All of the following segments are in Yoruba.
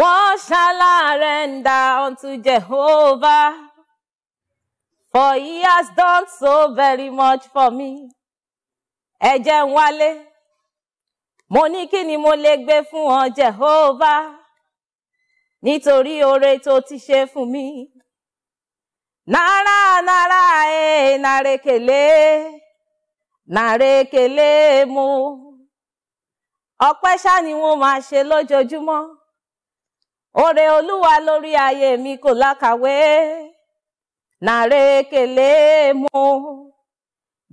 Wọ́n shall surrender unto Jehovah, for he has done so very much for me. Ẹ jẹ́ n wálé, mo ní kí ni mo lè gbé fún ọ Jehovah, nítorí oore tó ti ṣe fún mi. Nara nara e narekele, narekele mo. Ọpẹ́ ṣá ni wọ́n máa ṣe lójoojúmọ́. Ore oluwa lori ayé mi kò lákàwé nàrékèlé mo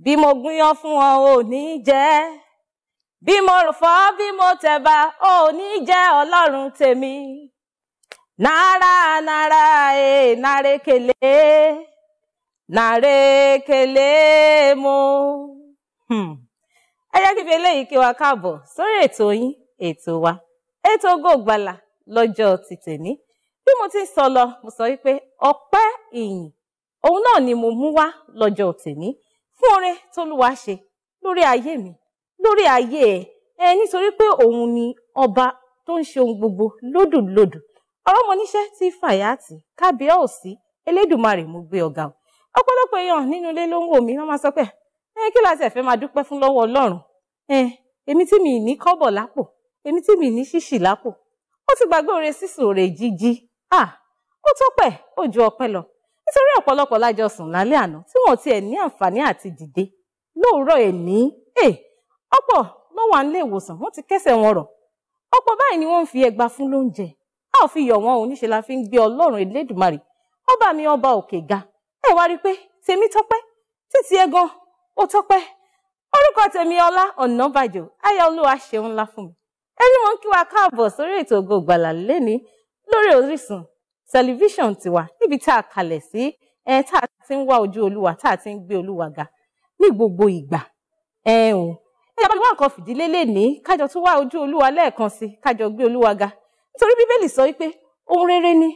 bí mo gúnyán fún ọ ò ní jẹ bí mo fọ́ bí mo tẹ̀bà ò ní jẹ Ọlọ́run tèmi náírà náírà ẹ e, nàrékèlé nàrékèlé mo. Hmm. ẹ jẹ́ kí fi eléyìí kí wa káàbọ̀ sórí ètò yín ètò wa ètò Ògo lọ́jọ́ ti tèmi bí mo ti ń sọ lọ mo sọ wípé ọpẹ́ ìyìn òun náà ni mo mú wá lọ́jọ́ tèmi fún oore tólúwa ṣe lórí ayé mi lórí ayé ẹ ẹ nítorí pé òun ni ọba tó ń ṣe ohun gbogbo lódùlódù ọlọ́mọníṣẹ́ ti fàyàtì kábíyà òsì elédùnmarè mo gbé ọ̀gá o ọ̀pọ̀lọpọ̀ èèyàn nínú ilé ló ń wò mí wọ́n máa sọ pé ẹ kí láti ẹ̀fẹ́ máa dúpẹ́ fún lọ́wọ́ Ọlọ́run ẹ èmi tí mi ní kọ́bọ̀ lápò èmi tí mi ní ṣíṣì lápò ó ti gbàgbé oore sísùn oore jíjí ah ó tó pẹ́ ó ju ọpẹ́ lọ nítorí ọ̀pọ̀lọpọ̀ lájọ sùn lálẹ́ àná tí wọn ò tiẹ̀ ní àǹfààní àti dìde lóòrọ̀ èní ẹ ọ̀pọ̀ ló wà nílé ìwòsàn wọn ti kẹ́sẹ̀ wọn rọ̀ ọ̀pọ̀ báyìí ni wọn ń fi ẹgba fún lóúnjẹ a ò fi yọ̀ wọn ò níṣe la fi ń gbé Ọlọ́run Elédùmarè ọba mi ọba òkè ga ẹ wá rí i pé tèmi tọ́pẹ́ títí ẹ gan ó tọ́pẹ́ orúkọ tèmi Ọlá Ọ̀nàbàjò ayọ̀ Olúwa ṣeun ńlá fún mi ẹni mọ̀ kí wa káàbọ̀ sórí ètò Ògo Ìgbàlà lẹ́ni lórí Orísun tẹlifíṣàn tiwa níbi tá a kalẹ̀ sí ẹ tá a ti ń wá ojú olúwa tá a ti ń gbé olúwa ga ní gbogbo ìgbà ẹ ò ẹ bá wá nǹkan fìdílé lẹ́ni kájọ tó wá ojú olúwa lẹ́ẹ̀kan sí kájọ gbé olúwa ga nítorí bíbélì sọ wípé ohun rere ni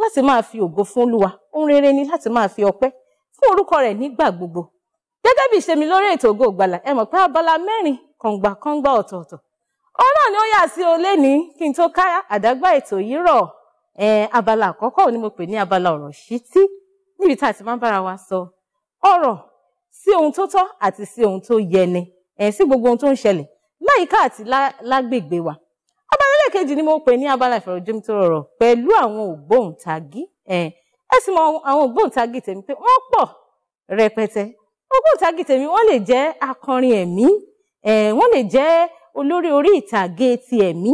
láti máa fi ògo fún olúwa ohun rere ni láti máa fi ọpẹ́ fún orúkọ rẹ̀ nígbà gbogbo gẹ́gẹ́ bí ìṣe lórí ètò Ògo Ìgbàlà ẹ mọ̀ pé abala mẹ́rin kọ̀ǹgbà kọ̀ǹgbà ó ni ó yà sí o lénìí kí n tó ká àdágbà ètò yìí rọ̀ abala àkọ́kọ́ ni mo pè ní abala ọ̀rọ̀ ṣítí níbi tá a ti máa ń bára wa sọ ọ̀rọ̀ sí ohun tó tọ́ àti sí ohun tó yẹni sí gbogbo ohun tó ń ṣẹlẹ̀ láyìíká àti lágbègbè wa abala ẹlẹ́ẹ̀kejì ni mo pè ní abala ìfọ̀rọ̀jomitoro ọ̀rọ̀ pẹ̀lú àwọn ògbóǹtagì ẹ sì mọ àwọn ògbóǹtagì tèmi pé wọ́n pọ̀ rẹpẹtẹ ògbóǹtagì tèmi wọ́n lè jẹ́ akọrin ẹ̀mí wọ́n lè jẹ́ olórí orí ìtàgé ti ẹ̀mí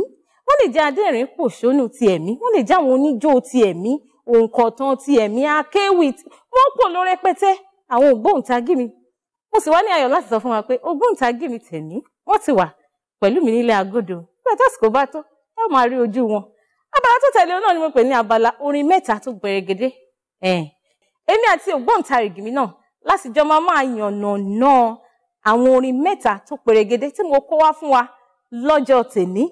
wọ́n lè jẹ́ adẹ́rìn pòṣónú ti ẹ̀mí wọ́n lè jẹ́ àwọn oníjó ti ẹ̀mí òǹkọ̀tàn ti ẹ̀mí akéwì wọ́n pọ̀ lọ rẹpẹtẹ àwọn ògbóǹtagì mi mo sì wá ní ayọ̀ láti sọ fún wa pé ògbóǹtagì mi tẹ̀mí wọ́n ti wà pẹ̀lú mi nílé agodo nígbà tó àsìkò bá tó ẹ máa rí ojú wọn abala tó tẹ̀lé náà ni mo pè ní abala orin mẹ́ta tó gbẹ̀rẹ̀gẹ̀dẹ̀ èmi àti ògbóǹtarìgì mi náà láti jọ máa máa yànnàná àwọn orin mẹ́ta tó perégedé tí mo kó wá fún wa lọ́jọ́ tèmi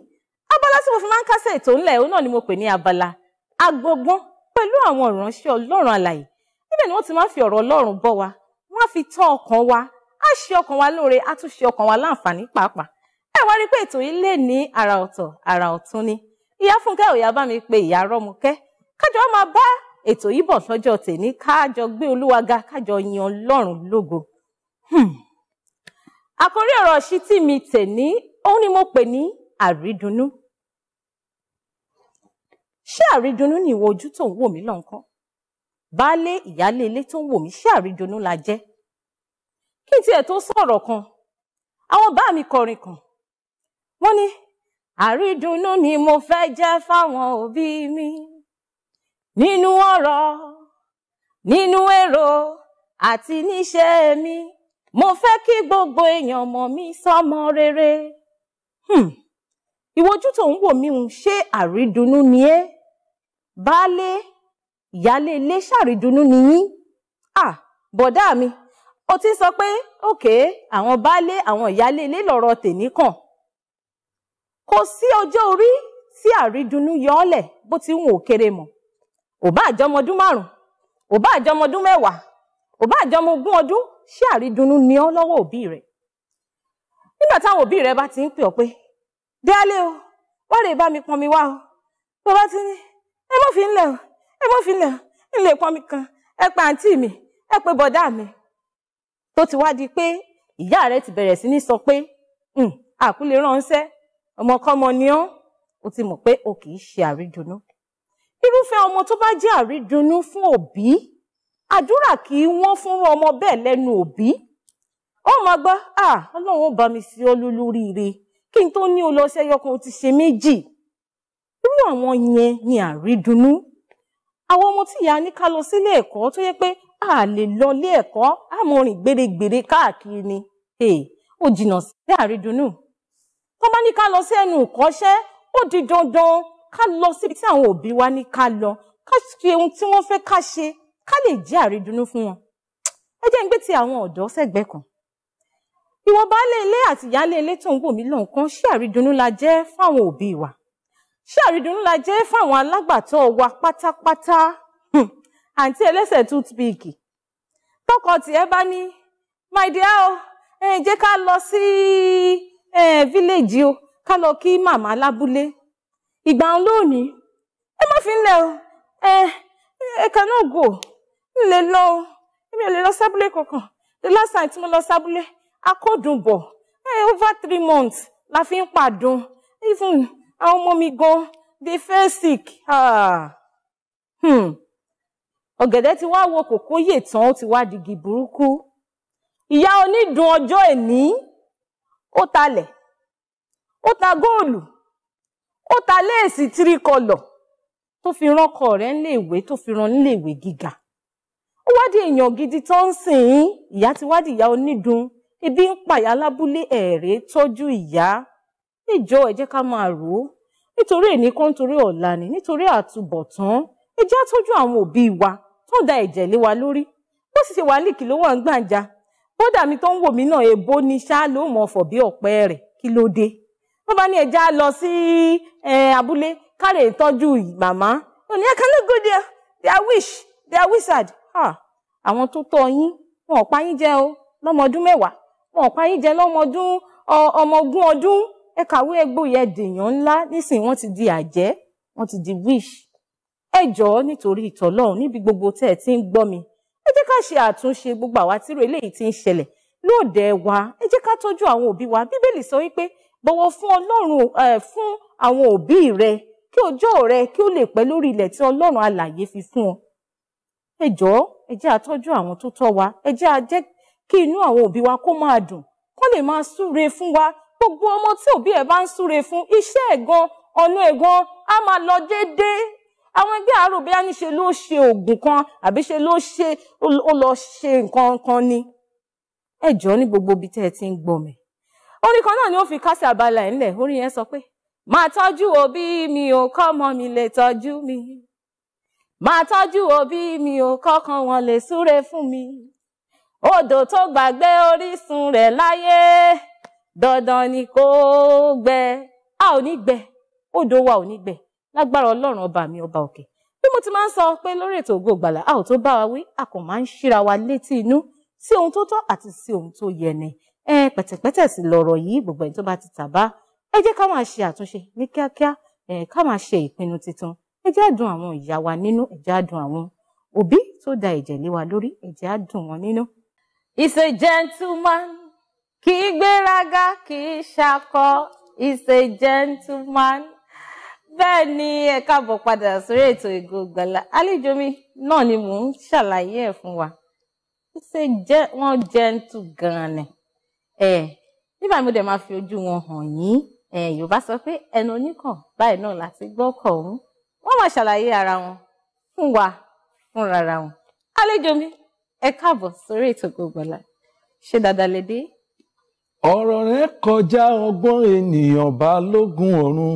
abala tí mo fi máa ń kásẹ̀ ètò ńlẹ̀ òun náà ni mo pè ní abala agbọgbọ́n pẹ̀lú àwọn ìránṣẹ́ ọlọ́run àlàyé níbẹ̀ ni wọ́n ti máa ń fi ọ̀rọ̀ ọlọ́run bọ́ wa wọ́n á fi tọ́ ọkàn wa á ṣe ọkàn wa lóore á tún ṣe ọkàn wa láǹfààní pàápàá ẹ wá rí pé ètò yìí lè ní àrà ọ̀tọ̀ àrà ọ̀tun ni ìyá fúnkẹ́ òyà bá mi pe ìyá rọ́mùkẹ́ kájọ máa bá ètò yìí bọ̀ lọ́jọ́ tèmi kájọ gbé olúwa ga kájọ yan ọlọ́run lógo. Hmm àkórí ọ̀rọ̀ sí tí mi tè ní òun ni mo pè ní àrídùnnú ṣé àrídùnnú ni ìwọ ojú tó ń wò mí lọ́nkán baálé ìyálé ilé tó ń wò mí ṣé àrídùnnú la jẹ́ kí n tiẹ̀ tó sọ̀rọ̀ kan àwọn bá mi kọrin kan wọ́n ní àrídùnnú ni mo fẹ́ jẹ́ fáwọn òbí mi nínú ọ̀rọ̀ nínú èrò àti níṣẹ́ mi mo fẹ́ kí gbogbo èèyàn mọ̀ mí sọ́mọ rere hmm. ìwojú tó ń wò mí ń ṣe àrídùnnú ni ẹ́ baálé ìyáálé ilé ṣàrídùnnú ni yín ah bọ̀dá mi ó ti sọ pé òkè àwọn baálé àwọn ìyáálé ilé lọ́rọ̀ tèmi kàn kò sí ọjọ́ orí tí àrídùnnú yọọlẹ̀ bó ti ń wò kéré mọ̀ ò bá àjọmọdún márùn-ún ò bá àjọmọdún mẹ́wàá ò àjọmọgún ọdún ṣé àrídùnnú ni ọ́ lọ́wọ́ òbí rẹ̀ nígbà táwọn òbí rẹ̀ bá ti ń pè ọ́ pé délé o wọ́n lè bá mi pọn mi wá o bó bá ti ní ẹ mọ́ fi ń lẹ̀ o ẹ mọ́ fi ń lẹ̀ o ń lè pọn mi kan ẹ pa àǹtí mi ẹ pe bọ̀dá mi tó ti wá di pé ìyá rẹ̀ ti bẹ̀rẹ̀ sí ní sọ pé àkúlé ránṣẹ́ ọmọkọ́mọ ni ọ́ o ti mọ̀ pé o kì í ṣe àrídùnnú irúfẹ́ ọmọ tó bá jẹ́ àrídùnnú fún òbí àdúrà kì í wọ́n fún ọmọ bẹ́ẹ̀ lẹ́nu òbí ó máa gbọ́ à ọlọ́run bá mi fi olú kí n tó ní o lọ ti ṣe méjì irú àwọn yẹn ni àrídùnnú àwọn ọmọ tí ìyá ní ká lọ sílé ẹ̀kọ́ tó yẹ pé a lè lọ ilé ẹ̀kọ́ àmọ́ rìn gbèrègbèrè káàkiri ni ó jìnnà sí àrídùnnú tó bá ní ká lọ sí ẹnu ìkọ́ṣẹ́ ó di dandan ká lọ síbi tí àwọn òbí wa ní ká lọ ká ṣe ohun tí wọ́n fẹ́ ká ṣe ká lè jẹ́ àrídùnnú fún wọn ẹ jẹ́ ń gbé ti àwọn ọ̀dọ́ sẹ́gbẹ́ kan ìwọ baálé ilé àti ìyáálé ilé tó ń wò mí lọ́nkán ṣé àrídùnnú la jẹ́ fáwọn òbí wa ṣé àrídùnnú la jẹ́ fáwọn alágbàtọ́ wa pátápátá hmm, àǹtí ẹlẹ́sẹ̀ tútùbíìkì tọkọ tìẹ bá ní my dear o ẹ jẹ́ ká lọ sí fíléèjì o ká lọ kí màmá lábúlé ìgbà ń lónìí ẹ má fi ń lẹ o ẹ ẹ cannot go lè lọ o èmi ò lè lọ sábúlé kankan the last time tí mo lọ sábúlé akódùn bọ̀ over three months la fi ń pàdùn even àwọn ọmọ mi gan they feel sick. Ah. Hmm. ọ̀gẹ̀dẹ̀ ti wá wo kòkó yè tán ó ti wá digi burúkú ìyá onídùn ọjọ́ èní ó talẹ̀ ó ta góòlù ó ta léèsì tíríkọlọ̀ tó fi rán ọkọ rẹ̀ níléèwé tó fi rán níléèwé gíga ó wádìí èèyàn gidi tó ń sìn ín ìyá ti wádìí ìyá onídùn ebi ń pàyà lábúlé ẹ̀rẹ́ tọ́jú ìyá ìjọ ẹ jẹ́ ká máa rò ó nítorí èní kan nítorí ọ̀la ni nítorí àtúbọ̀tán ẹ jẹ́ àtọ́jú àwọn òbí wa tó ń da ẹ̀jẹ̀ lé wa lórí bó sì ṣe wà líkì ló wà ń gbàǹjà bódà mi tó ń wò mí náà èbó ni ṣá ló mọ̀ ọ̀fọ̀ bí ọ̀pẹ rẹ̀ kí ló dé wọ́n bá ní ẹja lọ sí abúlé káre ìtọ́jú màmá òní ẹ̀ka ló go there their wish their wizard àwọn tó tọ́ yín wọn ò pa yín jẹ o lọ́mọ ọdún mẹ́wàá wọn ò pa yín jẹ lọ́mọ ọdún ọmọ ogún ọdún ẹ kàwé ẹgbóyè dèèyàn ńlá nísìnyí wọ́n ti di àjẹ́ wọ́n ti di wish ẹ jọ̀ọ́ nítorí ìtọ́lọ́run níbi gbogbo tẹ́ ẹ ti ń gbọ́ mi ẹ jẹ́ ká ṣe àtúnṣe gbogbo àwa tírò eléyìí ti ń ṣẹlẹ̀ lóde wa ẹ jẹ́ ká tọ́jú àwọn òbí wa bíbélì sọ wípé bọ̀wọ̀ fún ọlọ́run fún àwọn òbí rẹ kí ọjọ́ rẹ kí ó lè pẹ́ lórí ilẹ̀ tí ọlọ́run alààyè fi fún ọ ẹ jọ̀ọ́ ẹ jẹ́ àtọ́jú àwọn tó tọ́ wa ẹ jẹ́ àjẹ́ kí inú àwọn òbí wa kó máa dùn kó lè máa súre fún wa gbogbo ọmọ tí òbí ẹ̀ bá ń súre fún iṣẹ́ ẹ̀ ọ̀nà ẹ̀ gan máa lọ déédéé àwọn ẹgbẹ́ àárò bí a ní ṣe ló ṣe oògùn kan àbí ṣe ló ṣe ó lọ ṣe nǹkan kan ni ẹ jọ̀ọ́ ní gbogbo ibi tẹ́ ẹ ti ń gbọ́ mi orin kan náà ni ó fi kásẹ̀ abala ẹ̀ ńlẹ̀ orin yẹn sọ pé màá tọ́jú òbí mi ò kọ́ ọmọ mi lè tọ́jú mi máa tọ́jú òbí mi ò kọ́kàn wọn lè súre fún mi odò tó gbàgbé orísun rẹ̀ láyé dandan ni kó gbẹ a ò ní gbẹ odò wa ò ní gbẹ lágbára ọlọ́run ọba mi ọba òkè bí mo ti máa ń sọ pé lórí ètò Ògo a ò tó bá wa wí a kò máa ń ṣíra wa létí inú sí ohun tó tọ́ àti sí ohun tó yẹ ni ẹ pẹ̀tẹ̀pẹ̀tẹ̀ sí lọ̀rọ̀ yìí gbogbo ẹni tó bá ti tàbá ẹ jẹ́ ká máa ṣe àtúnṣe ní kíákíá ẹ ká máa ṣe ìpinnu tuntun ẹ jẹ́ àwọn ìyá wa nínú ẹ jẹ́ àwọn òbí tó da ẹ̀jẹ̀ lé wa lórí ẹ jẹ́ wọn nínú. He's a gentleman kì í gbéraga kì í ṣakọ He's a gentleman bẹ́ẹ̀ ni ẹ káàbọ̀ padà sórí ètò Ògo Ìgbàlà àlejò mi náà ni mò ń ṣàlàyé ẹ̀ fún wa ṣe jẹ́ wọ́n gentle gan-an ni ẹ̀ nígbà mi ò dẹ̀ máa fi ojú wọn hàn yín ẹ̀ Yorùbá sọ pé ẹnu oníkàn báyìí náà láti gbọ́kọ̀ ọ̀hún wọ́n máa ṣàlàyé ara wọn fún wa fúnra ara wọn. àlejò mi ẹ káàbọ̀ sórí ètò Ògo Ìgbàlà ṣé dáadáa lè dé. ọ̀rọ̀ rẹ kọjá ọgbọ́n ènìyàn balógun ọ̀run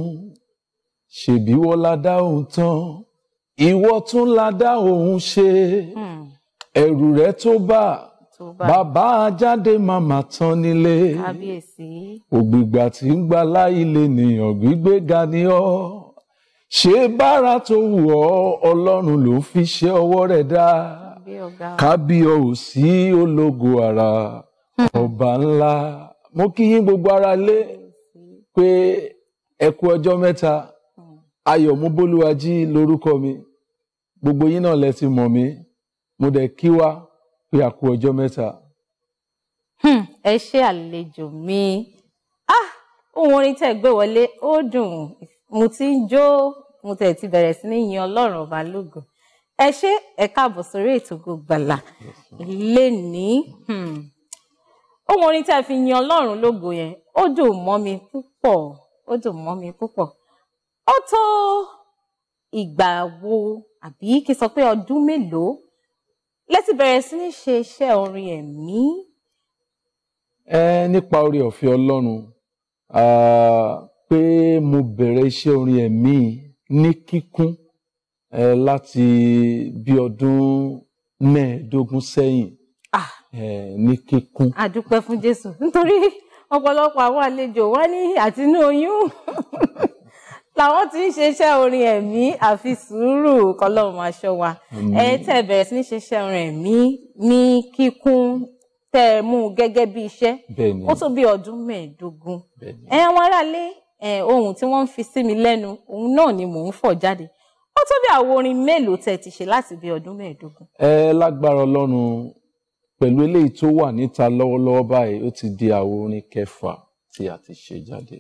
ṣèbí wọ́n la dá òun tán ìwọ tún la dá òun ṣe hmm. ẹrù rẹ tó bá bàbá ajáde màmá tán nílé ògbìgbà tí ń gba láìlè nìyàn gbígbéga ni ọ́ ṣe bára tó wù ọ́ ọlọ́run ló ń fi ṣe ọwọ́ rẹ̀ dá kábíyọ̀ ò sí ológo àrà ọba ńlá mo kí yín gbogbo ara lé pé ẹ ọjọ́ mẹ́ta ayọ̀ mọ́bólúwájí lórúkọ mi gbogbo yín náà lẹ mọ̀ mí mo dẹ̀ kí wá pé a ọjọ́ mẹ́ta. Hmm, ẹ ṣe àlejò mi ah ohun orin tẹ́ gbé wọlé ó dùn mo ti ń jó mo tẹ̀ ti bẹ̀rẹ̀ sí ní yin ọlọ́run ọba lógo ẹ ṣé ẹ káàbọ̀ sórí ètò Ògo Ìgbàlà lénìí hmm, ohun orin tí a fi yin ọlọ́run lógo yẹn ó dùn mọ́ mi púpọ̀ ó dùn mọ́ mi púpọ̀ ó tó ìgbà wo àbí kí sọ pé ọdún mélòó lẹ́tì bẹ̀rẹ̀ sí ní ṣe iṣẹ́ orin ẹ̀mí. ẹ nípa orí ọ̀fẹ́ ọlọ́run pé mo bẹ̀rẹ̀ iṣẹ́ orin ẹ̀mí ní kíkún eh, láti bí ọdún mẹ́ẹ̀ẹ́dógún sẹ́yìn ah. eh, ní kíkún. a dúpẹ́ fún Jésù nítorí ọ̀pọ̀lọpọ̀ àwọn àlejò wá ní àtinú oyún làwọn ti ń ṣe iṣẹ́ orin ẹ̀mí àfi sùúrù kọlọ́run máa ṣọ́ wa ẹ tẹ́ bẹ̀rẹ̀ sí ní ṣe iṣẹ́ orin ẹ̀mí ní kíkún tẹ́ mú gẹ́gẹ́ bí iṣẹ́ ó tó bí ọdún mẹ́ẹ̀ẹ́dógún ẹ wọn aráalé ohun tí wọ́n ń fi sí mi lẹ́nu òun náà ni mò ń fọ̀ jáde ó tó bí àwọn orin mélòó tẹ́ ti ṣe láti bí ọdún mẹ́ẹ̀ẹ́dógún. ẹ lágbára Ọlọ́run pẹ̀lú eléyìí tó wà níta lọ́wọ́lọ́wọ́ báyìí ó ti di àwo orin kẹfà tí a ti ṣe jáde.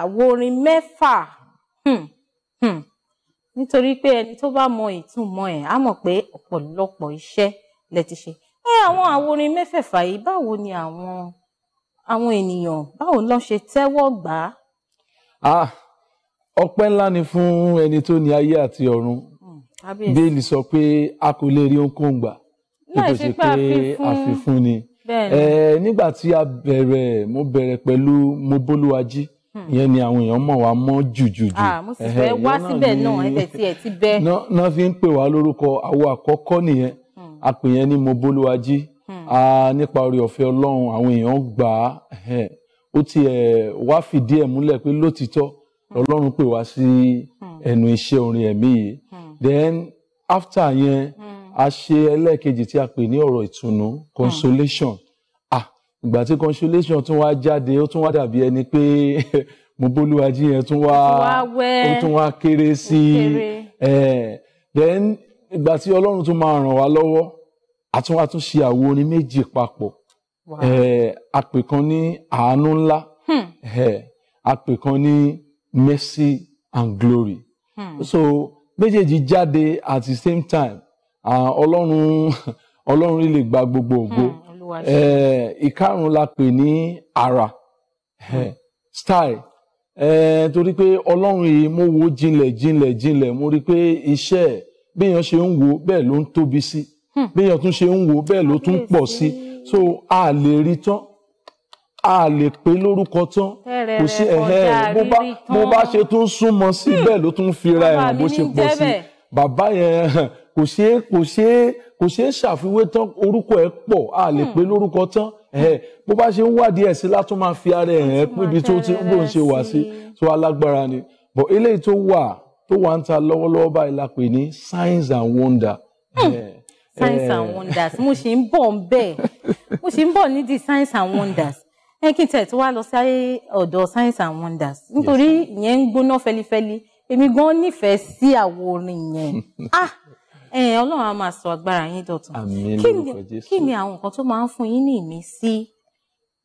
àwo orin mẹ́fà hmm, hmm. nítorí pé ẹni tó bá mọ ìtumọ̀ ẹ̀ á mọ̀ pé ọ̀pọ̀lọpọ̀ iṣẹ́ lẹ ti ṣe. ẹ àwọn àwo orin mẹ́fẹ̀ẹ̀fà yìí báwo ni àwọn àwọn ènìyàn báwo ló ṣe tẹ́wọ́ gbà á. ah ọpẹ́ ńlá ni fún ẹni tó ní ayé àti ọ̀run hmm, bẹ́ẹ̀lì sọ pé a kò lè rí ohunkóhun gbà kò ṣe pé àfifún ni eh, nígbà tí a bẹ̀rẹ̀ mo bẹ̀rẹ̀ pẹ̀lú mo bólúwají hmm. ìyẹn ni àwọn èèyàn mọ̀ wá mọ́ jùjùjù. Ah, mo sì fẹ́ wá síbẹ̀ náà ẹ̀ tẹ̀ ẹ̀ ti bẹ́ẹ̀. náà fi ń pè wá lórúkọ àwo àkọ́kọ́ nìyẹn hmm. a pè mo bólúwají Hmm. nípa orí ọ̀fẹ́ ọlọ́run àwọn èèyàn gbà á ó ti wá fìdí ẹ̀ múlẹ̀ pé lótìtọ́ hmm. ọlọ́run pè wá sí hmm. ẹnu iṣẹ́ orin ẹ̀mí yìí then after yẹn a ṣe ẹlẹ́ẹ̀kejì tí a pè ní ọ̀rọ̀ ìtùnú consolation ah ìgbà tí consolation tún wá jáde ó tún wá dàbí ẹni pé mo bólúwají yẹn tún wá ó tún wá kéré sí i then ìgbà tí ọlọ́run tún máa ràn wá lọ́wọ́ àtúnwá tún ṣe àwo orin méjì papọ̀ àpè eh, kan ní àánú ńlá àpè hmm. eh, kan ní mercy and glory hmm. so méjèèjì jáde at the same time ọlọ́run ọlọ́run lè gba gbogbo ògo hmm, eh, ìkarùn la pè ní ara style torí pé ọlọ́run yìí mo wo jinlẹ̀ jinlẹ̀ jinlẹ̀ mo rí i pé iṣẹ́ béèyàn ṣe ń wo bẹ́ẹ̀ ló ń tóbi sí. Si Hmm. béèyàn tún ṣe ń wo bẹ́ẹ̀ ló tún pọ̀ sí so a lè rí tán a lè pé lórúkọ tán kò sí ẹ̀hẹ́ bó bá bó bá ṣe tún súnmọ́ sí hmm. bẹ́ẹ̀ ló tún fira ẹ̀hàn bó ṣe pọ̀ sí bàbá yẹn kò ṣe é kò ṣe é kò ṣe é ṣàfiwé tán orúkọ ẹ̀ pọ̀ a lè hmm. pé lórúkọ tán bó bá ṣe ń wádìí ẹ̀ sí látún máa fi ara ẹ̀ píbi tó ti ń bò ń ṣe wá sí tó alágbára ni but eléyìí tó wà tó wà ń ta lọ́wọ́lọ́wọ́ báyìí la pè ní signs and wonder. Mm. Yeah science and eh. wonders mo sì ń bọ̀ ń bẹ́ẹ̀ mo sì ń bọ̀ nídìí science and wonders ẹ kí n tẹ̀ tí wàá lọ sí ọ̀dọ̀ science and wonders nítorí ìyẹn ń gbóná fẹlifẹli èmi gan nífẹ̀ẹ́ sí àwo orin yẹn ah ọlọ́run á máa sọ agbára yín dọ̀tun kí ni àwọn nǹkan tó máa ń fún yín ní ìmísí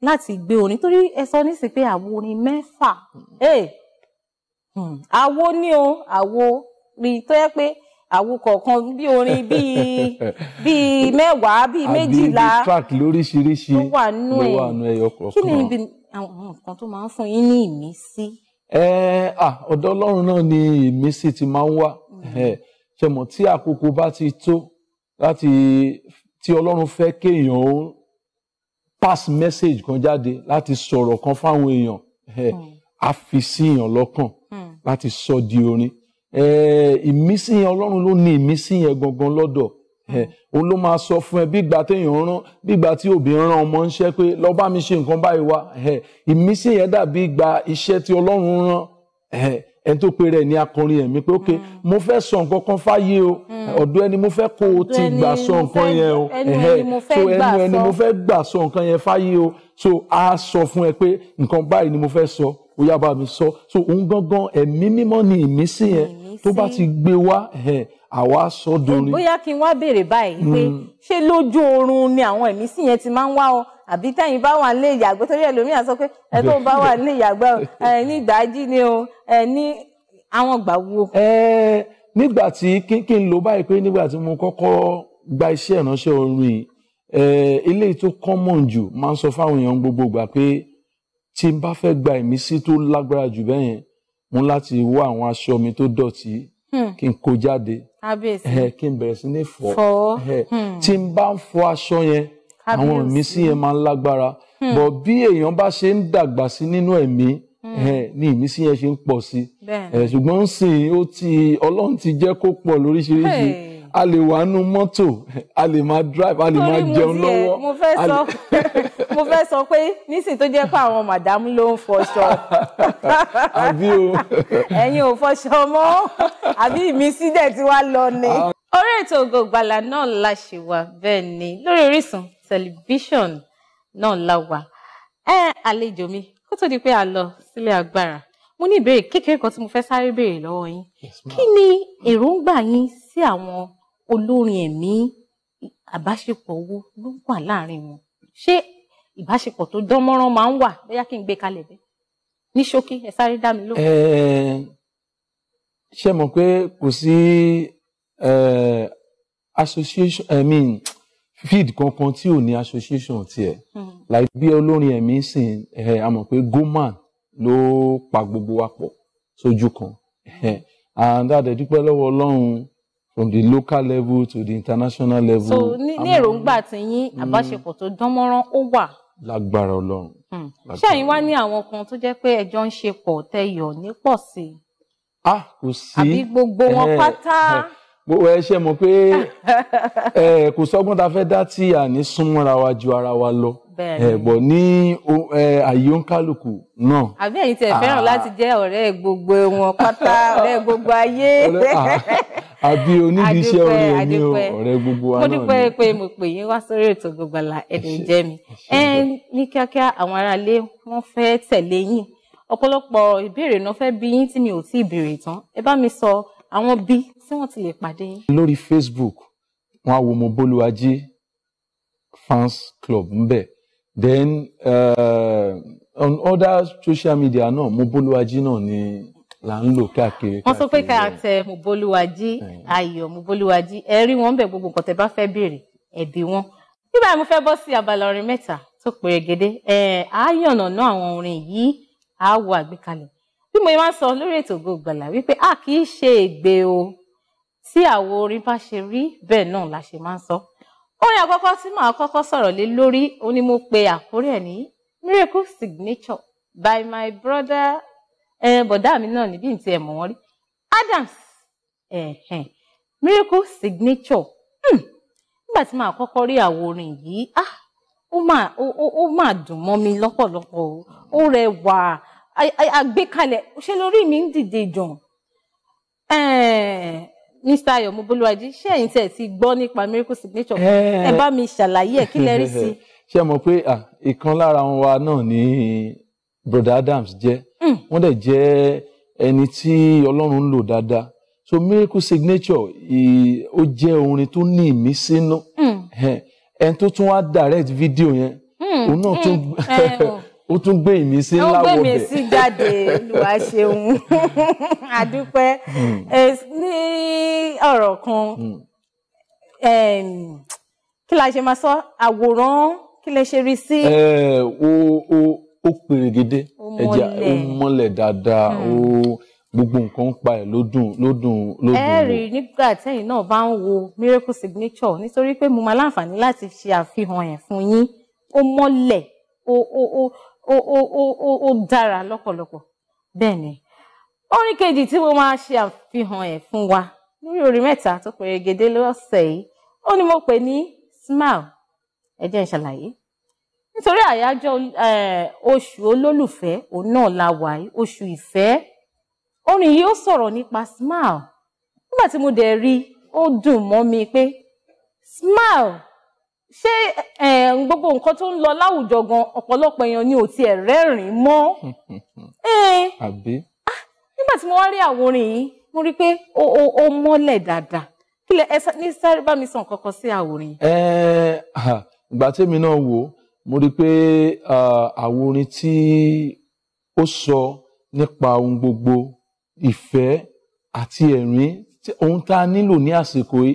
láti gbé orin torí ẹ sọ nísìnyí pé àwo orin mẹ́fà mm. eh! hmm. àwo ni o àwo rí tó yẹ pé àwùkọ̀ọ̀kan bí orin bíi bíi mẹ́wàá bíi méjìlá àbí track lóríṣiríṣi ló wà nú ẹyọ kọ̀ọ̀kan kí ni ibi àwọn nǹkan tó máa ń fún yín ní ìmísí. ẹ à ọ̀dọ̀ Ọlọ́run náà ni ìmísí ti máa ń wá mm-hmm. ṣẹmọ tí àkókò bá ti tó láti tí Ọlọ́run fẹ́ kéèyàn ó pass message kan jáde láti sọ̀rọ̀ kan fáwọn èèyàn á mm. fi sí èèyàn lọ́kàn mm. láti sọ di orin. Mm Eh, ìmísí yẹn ọlọ́run ló ní ìmísí yẹn gangan lọ́dọ̀ eh, òun ló máa sọ fún ẹ bí ìgbà téèyàn rán bí ìgbà tí òbí rán ọmọ ń ṣe pé lọ bá mi ṣe nǹkan báyìí wá eh, ìmísí yẹn dàbí ìgbà iṣẹ́ tí ọlọ́run rán ẹni tó pe rẹ̀ ní akọrin ẹ̀mí pé ok hmm. mo fẹ́ sọ nǹkan kan fáyé o hmm. ọ̀dọ̀ ẹni mo fẹ́ kó o ti gbà sọ nǹkan yẹn o so ẹnu ẹni mo fẹ́ gbà sọ nǹkan yẹn fáyé o so a sọ fún ẹ pé nǹkan báyìí ni mo fẹ́ sọ ó yá bá mi sọ so òun gangan ẹ̀mí mímọ́ ni ìmísí yẹn hmm tó bá ti gbé wá àwa sọ dorin. bóyá kí n wá béèrè báyìí pé mm. ṣé lójú oorun ni àwọn ìmísí yẹn ti máa ń wá ọ àbí tẹ̀yin bá wà nílé ìyàgbẹ́ torí ẹlòmíà sọ pé ẹ tó bá wà nílé ìyàgbẹ́ o ẹ ní ìgbàjì ni o ẹ ní àwọn ìgbà wo. ẹ nígbà tí kí n lò báyìí pé nígbà tí mo kọ́kọ́ gba iṣẹ́ ìránṣẹ́ orin eléyìí tó common jù máa ń sọ fáwọn èèyàn gbogbo gbà pé tí n bá fẹ́ gba ìmísí tó lágbára jù bẹ́yẹn mú láti wá àwọn aṣọ mi tó dọ̀tí hmm. kí n kó jáde kí n bẹ̀rẹ̀ sí ní fọ̀ hmm. tí n bá ń fọ aṣọ yẹn àwọn ìmísí yẹn máa ń lágbára hmm. bọ̀ bí èèyàn bá ṣe ń dàgbà sí nínú ẹ̀mí ní ìmísí yẹn ṣe ń pọ̀ sí ṣùgbọ́n sìn ó ti ọlọ́run ti jẹ́ kó pọ̀ lóríṣiríṣi a lè wà nínú mọ́tò a lè máa drive a lè máa jẹun lọ́wọ́. mo fẹ́ mo fẹ́ sọ pé nísìn tó jẹ́ pé àwọn màdámù ló ń fọṣọ àbí o ẹ̀yin ò fọṣọ mọ́ àbí ìmísí dẹ̀ ti wá lọ ni. Ah. orí ètò Ògo Ìgbàlà náà la ṣe wà bẹ́ẹ̀ ni lórí Orísun tẹlifíṣọ̀n náà la wà ẹ àlejò mi kó tó di pé a lọ sílé agbára mo ní ìbéèrè kékeré kan tí mo fẹ́ sáré béèrè lọ́wọ́ yín kí ni èròǹgbà yín sí àwọn olórin ẹ̀mí àbáṣepọ̀ owó ló wà láàrin wọn ṣé ìbáṣepọ̀ tó dán mọ́rán máa ń wà bóyá kí n gbé kalẹ̀ bẹ́ẹ̀ ní ṣókí ẹ sáré dá mi lóhùn. ṣé mọ̀ pé kò sí association i mean feed kankan tí ò ní association tiẹ̀ hmm. láì bí olórin ẹ̀mí sìn a mọ̀ pé goman ló pa gbogbo wa pọ̀ sójú kan and adẹ̀dúpẹ́ lọ́wọ́ ọlọ́run from the local level to the international level. so ní èròǹgbà tí yín hmm. àbáṣepọ̀ tó dán mọ́rán ó wà lágbára Ọlọ́run. Hmm. ṣé ẹ̀yin wá ní àwọn kan tó jẹ́ pé ẹjọ́ ń ṣe pọ̀ tẹyọ ní pọ̀ sí i. a ah, kò sí àbí gbogbo wọn eh, pátá. gbogbo ẹ ṣe mọ̀ pé eh, kò sọ́gbọ́n tá a fẹ́ dá tí ní súnmọ́ra wa ju ara wa lọ ẹ̀bọ̀ ní àyè oníkálukú náà. àbí ẹ̀yin tẹ̀ fẹ́ràn ah. láti jẹ́ ọ̀rẹ́ gbogbo wọn pátá ọ̀rẹ́ gbogbo ayé. àbí ah, onídìí iṣẹ́ orí omi o ọ̀rẹ́ gbogbo wa náà ni. mo dúpẹ́ pé mo pè yín wá sórí ètò Gbogbo Àlà ẹ̀dùn jẹ́ mi. ẹ ní kíákíá àwọn aráalé wọn fẹ́ tẹ̀lé yín ọ̀pọ̀lọpọ̀ ìbéèrè náà fẹ́ bí yín tí mi ò tí ì béèrè tán ẹ bá mi sọ àwọn bí tí wọ́n ti lè pàdé yín. lórí Facebook wọn á wo mo Bólúwají fans club ń bẹ then uh, on other social media náà Moboluwaji náà ni là ń lò káàkiri. wọ́n sọ pé ká tẹ Moboluwaji Ayọ̀ Moboluwaji ẹ rí wọn bẹ̀ gbogbo nǹkan tẹ bá fẹ́ béèrè ẹ̀bí wọn. nígbà mo fẹ́ bọ́ sí abala orin mẹ́ta tó pèrègede ẹ̀ á yànnà ná àwọn orin yìí á wọ àgbékalẹ̀ bí mo máa ń sọ lórí ètò Ògo Ìgbàlà wípé a kì í ṣe ègbè o tí àwo orin bá ṣe rí bẹ́ẹ̀ náà la ṣe máa ń sọ. So orin àkọ́kọ́ tí màá kọ́kọ́ sọ̀rọ̀ lé lórí òun ni mo pe àkórí ẹ̀ ní miracle signature by my brother eh, bọ̀dá mi náà níbi ní ti ẹ̀ mọ̀ wọ́n rí Adams eh, eh, miracle signature hmm. nígbà tí màá kọ́kọ́ rí àwòrán yìí ah ó máa ó máa dùn mọ́ mi lọ́pọ̀lọpọ̀ ó rẹwà àgbékalẹ̀ ṣe lórí mi ń dìde dùn mr ayọ̀mú bolúwájí ṣé ẹ̀yin tẹ̀ ti gbọ́ nípa miracle signature eh, ẹ bá mi ṣàlàyé ẹ̀ kí lẹ rí sí. ṣé ẹ mọ̀ pé ìkan lára wọn wa náà ni brother adams jẹ́ hmm. wọ́n dẹ̀ jẹ́ ẹni tí ọlọ́run ń lò dáadáa so miracle signature ó jẹ́ orin tó ní ìmísínú hmm. ẹni tó tún wá direct video yẹn hmm. òun náà tún ó tún gbé ìmísí ńlá wọ bẹ ó gbé ìmísí jáde olùwà ṣeun àdúpẹ́ hmm. ní ọ̀rọ̀ kan hmm. kí la ṣe máa sọ àwòrán kí lè ṣe rí sí. ó ó ó pèrègede ẹja ó mọ́lẹ̀ dáadáa ó hmm. gbogbo nǹkan ń pa ẹ lódùn lódùn lódùn. ẹ rí nígbà tẹ́yìn náà bá ń wo miracle signature nítorí pé mo máa láǹfààní láti ṣe àfihàn ẹ̀ fún yín O mọ́lẹ̀ o ó ó ó ó ó ó dára lọ́pọ̀lọpọ̀ bẹ́ẹ̀ ni orin kejì tí mo máa ṣe àfihàn ẹ̀ fún wa lórí orin mẹ́ta tó pèrègede lọ́sẹ̀ yìí ó ní mo pè ní smile ẹ jẹ́ n ṣàlàyé nítorí àyájọ́ oṣù olólùfẹ́ òun náà la wà yìí oṣù ìfẹ́ orin yìí ó sọ̀rọ̀ nípa smile nígbà tí mo dẹ̀ rí ó dùn mọ́ mi pé smile ṣé gbogbo nǹkan tó ń lọ láwùjọ gan ọ̀pọ̀lọpọ̀ èèyàn ni ò tiẹ̀ rẹ́rìn-ín ah, nígbà tí mo wá rí àwọn orin yìí mo rí i pé ó mọ́lẹ̀ dáadáa kí lẹ ẹ ní sáré bá mi sàn kankan sí àwòrán yìí. ìgbà tèmi náà wò mo rí i pé àwòrán tí ó sọ nípa ohun gbogbo ìfẹ́ àti ẹ̀rín ohun tá a nílò ní àsìkò yìí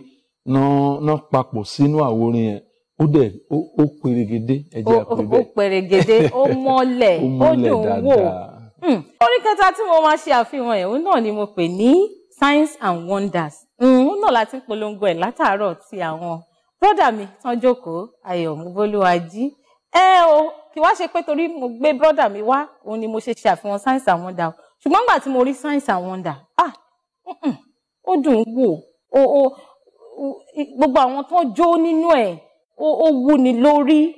náà papọ̀ sínú àwòrán yẹn ó dẹ̀ ó perégedé ẹjẹ àpèbẹ ó perégedé ó mọ́lẹ̀ ó dùn wò hmm, orí kẹta tí mo máa ṣe àfihàn ẹ̀ òun náà ni mo pè ní science and wonders hmm, òun náà láti polongo ẹ̀ látàárọ̀ ti àwọn bọ́dà mi tán jókòó ayọ̀ mọ́bólúwájí ẹ o kì wá ṣe pé torí mo gbé bọ́dà mi wá òun ni mo ṣe ṣe àfihàn science and wonders ṣùgbọ́n nígbà tí mo rí science and wonders ah ó dùn wò ó gbogbo àwọn tó jó nínú ẹ̀ ó wúni lórí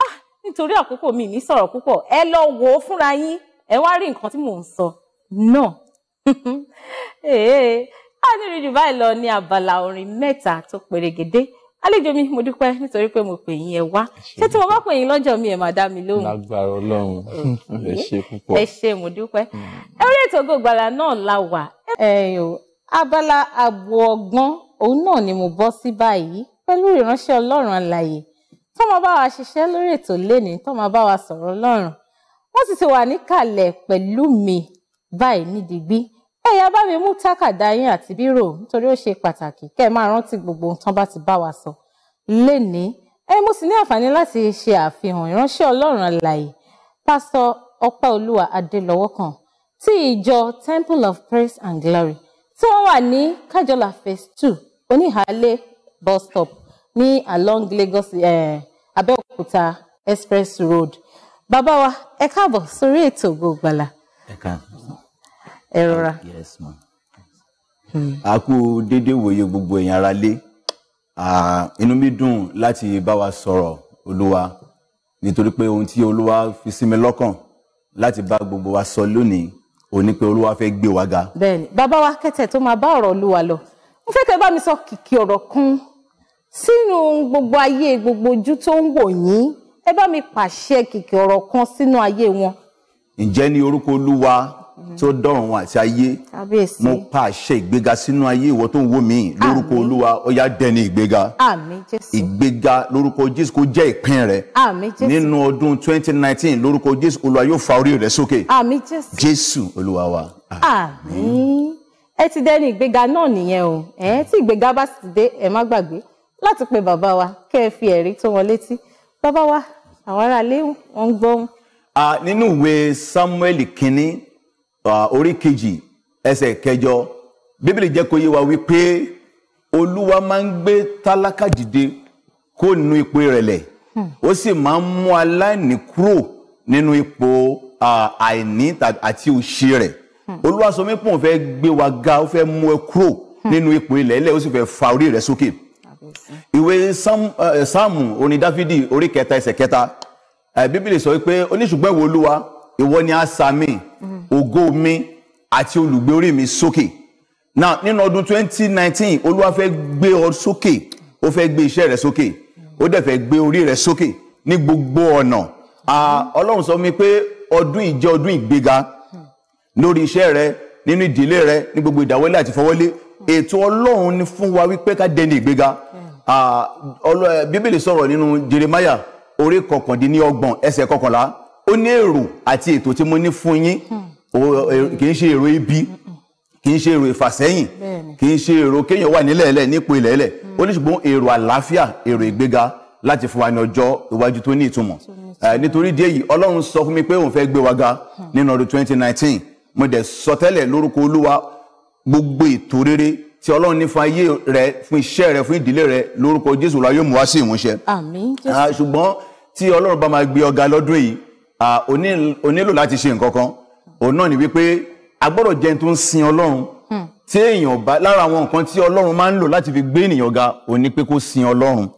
ah, nítorí àkókò mi mi sọ̀rọ̀ púpọ̀ ẹ lọ wò ó fúnra yín ẹ wá rí nǹkan tí mò ń sọ náà ee a ní rí jù báyìí lọ ní abala orin mẹ́ta tó pèrègédé àlejò mi mo dúpẹ́ nítorí pé mo pè yín ẹ wá ṣé tí mo bá pè yín lọ́jọ́ mi ẹ máa dá mi lóhùn. lágbára Ọlọ́run ẹ ṣe púpọ̀ ẹ ṣe mo dúpẹ́ hmm. orí ètò Ògo náà la wà. abala àbò ọgbọ́n òun náà ni mo bọ́ sí báyìí pẹ̀lú ìránṣẹ́ ọlọ́run alàyè tó máa bá wa ṣiṣẹ́ lórí ètò lẹ́ni tó máa bá wa sọ̀rọ̀ ọlọ́run wọ́n sì ti wà níkàlẹ̀ pẹ̀lú mi báyìí nídìgbí ẹ̀yà bá mi mú tákàdá yín àti bírò nítorí ó ṣe pàtàkì kẹ́ ẹ máa rántí gbogbo ohun tán bá ti bá wa sọ lẹ́ni ẹ mo sì ní àǹfààní láti ṣe àfihàn ìránṣẹ́ ọlọ́run alàyè pásítọ̀ ọpẹ́olúwa adélọ́wọ́ kan tí ìjọ Temple of Praise and Glory tí wọ́n wà ní kájọlà phase two oníhàálẹ̀ bus stop ní along Lagos eh, abeokuta express road bàbá wa ẹ káàbọ̀ sórí ètò Ògo Ìgbàlà ẹ rọra a kú déédéé wòye gbogbo èèyàn ara lé inú mi dùn láti bá wa sọ̀rọ̀ olúwa nítorí pé ohun tí olúwa fi sí mi lọ́kàn láti bá gbogbo wa sọ lónìí ò ní pé olúwa fẹ́ gbé wa ga. bẹ́ẹ̀ni bàbá wa kẹtẹ tó máa bá ọ̀rọ̀ olúwa lọ mo fẹ́ bá mi sọ kìkì ọ̀rọ̀ kún sínú gbogbo ayé gbogbo ojú tó ń wò yín ẹ bá mi pàṣẹ kìkì ọ̀rọ̀ kan sínú ayé wọn. ǹjẹ́ ní orúkọ olúwa tó dọ̀rùn wọn àti ayé mo pa àṣẹ ìgbéga sínú ayé ìwọ tó ń wò mí lórúkọ olúwa ó yá dẹni ìgbéga ìgbéga lórúkọ jésù kó jẹ́ ìpín rẹ nínú ọdún 2019 lórúkọ jésù olúwa yóò fa orí rẹ sókè jésù olúwa wa. àmín ẹ ti dẹni ìgbéga náà nìyẹn o ẹ tí ìgbéga bá sì dé ẹ má gbàgbé láti pe bàbá wa kẹ́ ẹ fi ẹ̀rí tó wọn létí bàbá wa àwọn aráalé wọn ń gbọ́. nínú ìwé Samuel kínní orí kejì ẹsẹ̀ kẹjọ bíbélì jẹ́ kó yé wa wípé olúwa máa ń gbé tálákà dìde kó nu ipò ìrẹ̀lẹ̀ hmm. ó sì máa ń mú aláìní kúrò nínú ipò àìní àti òṣì rẹ̀ hmm. olúwa sọ mí òun fẹ́ gbé wa ga ó fẹ́ mú ẹ kúrò hmm. nínú ipò ilẹ̀ ilẹ̀ ó sì fẹ́ fa orí rẹ̀ sókè ìwé eh, eh, sáàmù orin dáfídì orí kẹta ẹsẹ̀ kẹta eh, bíbélì sọ wípé oníṣùgbọ́n ìwọ olúwa ìwọ ni asà mi ògo mi àti olùgbé orí mi sókè now nínú ọdún 2019 olúwa fẹ́ gbé ọ sókè ó fẹ́ gbé iṣẹ́ rẹ sókè ó dẹ̀ fẹ́ gbé orí rẹ sókè ní gbogbo ọ̀nà ah, ọlọ́run sọ mi pé ọdún yìí jẹ́ ọdún ìgbéga lórí iṣẹ́ rẹ nínú ìdílé rẹ ní gbogbo ìdáwọ́lé àti fọwọ́lé ètò ọlọ́run ni fún wa wípé ká dẹni ìgbéga bíbélì sọ̀rọ̀ nínú Jeremiah orí kọkàndínlọ́gbọ̀n ẹsẹ̀ kọkànlá ó ní èrò àti ètò tí mo ní fún yín hmm. kì í ṣe èrò ibi kì í ṣe èrò ìfàsẹ́yìn kì í ṣe èrò kéèyàn wà nílẹ̀ẹ́lẹ̀ nípò ilẹ̀ẹ́lẹ̀ hmm. ó ní ṣùgbọ́n èrò àlàáfíà èrò ìgbéga láti fún wa ní ọjọ́ iwájú tó ní ìtumọ̀ nítorí díẹ̀ yìí ọlọ́run sọ fún mi pé òun fẹ́ gbé wa ga hmm. nínú ọdún 2019 mo dẹ̀ sọtẹ́lẹ̀ lórúkọ olúwa gbogbo ètò rere tí ọlọ́run ní fún ayé rẹ fún iṣẹ́ rẹ fún ìdílé rẹ lórúkọ jésù la yóò mú wá sí ìmúṣẹ. àmín jésù. Ah, ṣùgbọ́n tí ọlọ́run bá máa gbé ọ̀gá lọ́dún yìí ó nílò láti ṣe nǹkan kan òun náà ni wípé a gbọ́dọ̀ jẹun tó ń sin ọlọ́run hmm. tí èèyàn bá lára àwọn nǹkan tí ọlọ́run máa ń lò láti fi gbé ènìyàn ga òun ni pé kó sin ọlọ́run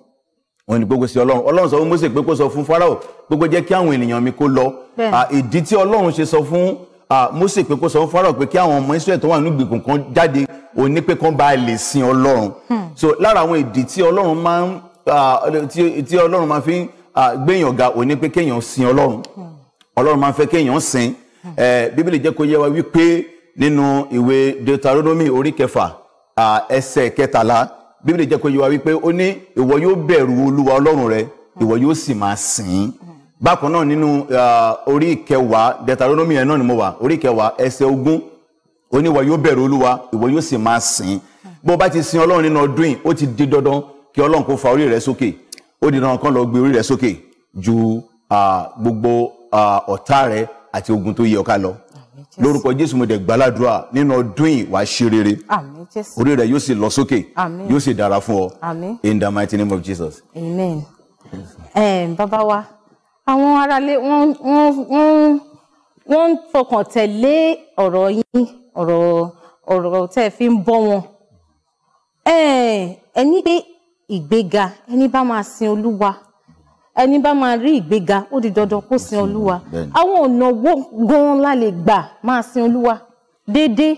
òun ni pé kó sin ọlọ́run ọlọ́run sọ fún Mósè pé kó sọ fún Fáráò pé kó jẹ́ kí àwọn ènìyàn mi kó lọ ìdí tí ọlọ́run ṣe sọ fún Mósè pé kó sọ fún Fáráò pé kí àwọn ọmọ Ísírẹ́lì tó wà nínú ìgbèkùn kan jáde ó ní pé kán bá lè sin Ọlọ́run hmm. so lára àwọn ìdí tí Ọlọ́run máa ń tí Ọlọ́run máa fi gbéyàn ga ó ní pé kéèyàn sin Ọlọ́run hmm. Ọlọ́run máa ń fẹ́ kéèyàn sin hmm. Bíbélì jẹ́ kó yé wa wípé nínú ìwé Deuteronomy orí kẹfà ẹsẹ̀ kẹtàlá Bíbélì jẹ́ kó yé wa wípé ó ní ìwọ yóò bẹ̀rù Olúwa Ọlọ́run rẹ ìwọ yóò sì máa sìn ín bákan náà nínú uh, orí ìkẹwàá Deuteronomy yẹn náà ni mo wà orí ìkẹwàá ẹsẹ̀ ogún ó ní ìwọ yóò bẹ̀rù olúwa ìwọ yóò sì máa sìn bó o bá ti sin ọlọ́run nínú ọdún yìí ó ti di dandan kí ọlọ́run kó fa orí rẹ sókè ó di dandan kán lọ gbé orí rẹ sókè ju uh, gbogbo uh, ọ̀tá rẹ àti ogun tó yẹ ọ́ ká lọ lórúkọ jésù mo dẹ̀ gbàládùá nínú ọdún yìí wàá ṣe rere orí rẹ yóò sì lọ sókè yóò sì dára fún ọ in the mighty name of jesus. amen. Um, bàbá wa àwọn aráalé wọ́n wọ́n wọ́n wọ́n ń fọkàn tẹ̀lé ọ̀rọ̀ yín ọ̀rọ̀ ọ̀rọ̀ tẹ́ ẹ fi ń bọ́ wọn ẹni pé ìgbéga ẹni bá máa sin olúwa ẹni bá máa rí ìgbéga ó di dandan kó sin olúwa àwọn ọ̀nà wo gan-an la lè gbà máa sin olúwa déédéé.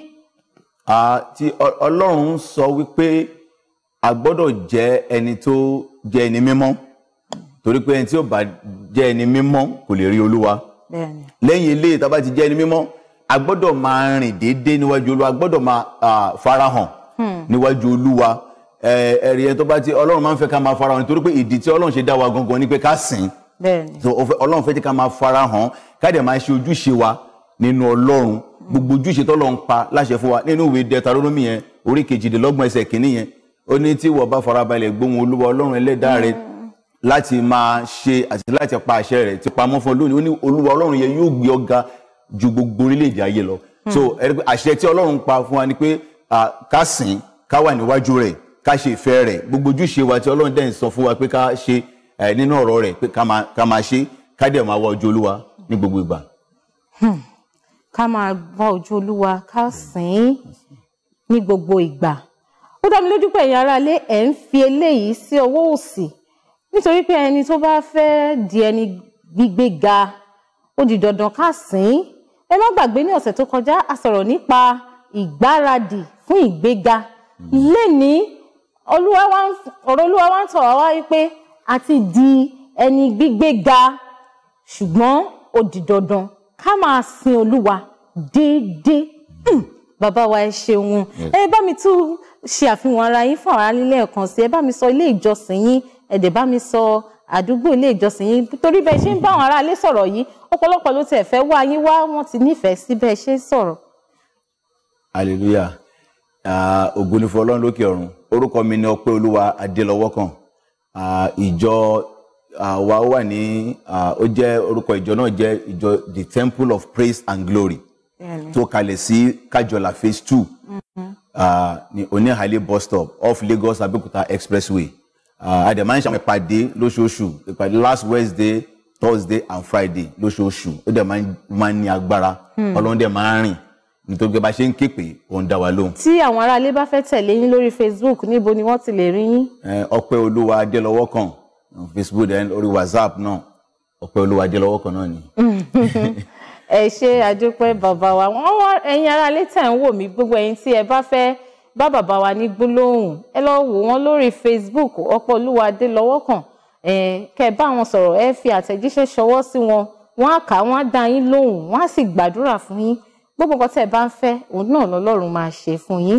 àti ọlọ́run sọ wípé a gbọ́dọ̀ jẹ́ ẹni tó jẹ́ ẹni mímọ́ torí pé ẹni tí ó bá jẹ́ ẹni mímọ́ kò lè rí olúwa lẹ́yìn eléyìí tá a bá ti jẹ́ ẹni mímọ́ a gbọ́dọ̀ máa rìn déédéé níwájú olúwa a gbọ́dọ̀ máa farahàn hmm. níwájú olúwa ẹ̀rí ẹni tó bá ti ọlọ́run máa ń fẹ́ ká máa farahàn nítorí pé ìdí tí ọlọ́run ṣe dá wa gangan ni pé ká sìn so ọlọ́run fẹ́ jẹ́ ká máa farahàn ká dẹ̀ máa ṣe ojúṣe wa nínú ọlọ́run hmm. gbogbo ojúṣe tọ́lọ́run pa láṣẹ fún wa nínú ìwé Deuteronomy yẹn orí kejìdínlọ́gbọ̀n ẹsẹ̀ kìíní ó ní tí ìwọ bá farabalẹ̀ gbóhùn olúwa ọlọ́run ẹlẹ́dàá rẹ hmm láti máa ṣe àti láti pa àṣẹ rẹ̀ ti pamọ́ fún lónìí ó ní olúwa ọlọ́run yẹn yóò gbé ọ̀gá ju gbogbo orílẹ̀-èdè ayé lọ hmm. so àṣẹ tí ọlọ́run pa fún wa ni pé ká sìn ká wà níwájú rẹ̀ ká ṣe ìfẹ́ rẹ̀ gbogbo ojúṣe wa tí ọlọ́run dẹ̀ ń sọ fún wa pé ká ṣe nínú ọ̀rọ̀ rẹ̀ pé ká máa ṣe ká dẹ̀ máa wá ojú olúwa ní gbogbo ìgbà. Hmm. ká máa wá ojú olúwa ká sìn ní gbogbo ìgbà ó dá mi lójú pé ẹ̀yin aráalé ẹ̀ ń fi eléyìí sí ọwọ́ òsì nítorí pé ẹni tó bá fẹ́ di ẹni gbígbé ga ó di dandan ká sìn ẹ má gbàgbé ní ọ̀sẹ̀ tó kọjá a sọ̀rọ̀ nípa ìgbáradì fún ìgbéga lẹ́ni ọ̀rọ̀ olúwa wa ń tọ̀ wá wípé a ti di ẹni gbígbé ga ṣùgbọ́n ó di dandan ká máa sin olúwa déédéé hmm, bàbá wa ẹ ṣeun ẹ bá mi tún ṣe àfihàn ara yín fún ara lílẹ̀ kan sí ẹ bá mi sọ ilé ìjọsìn yín ẹ̀dẹ̀ bá mi sọ àdúgbò ilé ìjọsìn yín torí bẹ́ẹ̀ ṣe ń bá àwọn aráalé sọ̀rọ̀ yìí ọ̀pọ̀lọpọ̀ ló tiẹ̀ fẹ́ wá yín wá wọ́n ti nífẹ̀ẹ́ sí bẹ́ẹ̀ ṣe ń sọ̀rọ̀. hallelujah ògo ni fún ọlọ́run lókè ọ̀run orúkọ mi ni ọpẹ́ olúwa adélọ́wọ́kàn ìjọ wa wà ní ó jẹ́ orúkọ ìjọ náà jẹ́ ìjọ the temple of praise and glory tó kalẹ̀ sí kájọlà phase two mm-hmm. ní oníhàlẹ́ bus stop off lagos abẹ́òkúta expressway. Mm -hmm àdèmá ń ṣe àwọn ìpàdé lóṣooṣù ìpàdé last Wednesday Thursday and Friday lóṣooṣù ó dẹ̀ máa ń ní agbára hmm. ọlọ́run dẹ̀ máa ń rìn nítorí pé bá ṣe ń ké pé ó ń dá wa lóhùn. tí àwọn aráalé bá fẹ́ tẹ̀lé yín lórí Facebook níbo ni wọ́n ti lè rí yín. ọpẹ́ olúwa adélọ́wọ́ kan Facebook ẹ̀ lórí WhatsApp náà ọpẹ́ olúwa adélọ́wọ́ kan náà ni. ẹ ṣe àdúpẹ́ bàbá wa wọn wá ẹ̀yin aráalé tẹ̀ ń wò mí gbogbo ẹ̀yin tí ẹ bá fẹ́ bá bàbá wa ní gbólóhùn ẹ lọ wò wọ́n lórí Facebook Ọpọlúwa Adélọ́wọ́kàn ẹ kẹ́ bá wọn sọ̀rọ̀ ẹ fi àtẹ̀jíṣẹ́ ṣọwọ́ sí wọn wọ́n á kà wọ́n á dá yín lóhùn wọ́n á sì gbàdúrà fún yín gbogbo nǹkan tẹ́ ẹ bá ń fẹ́ òun náà lọ́lọ́run máa ṣe fún yín.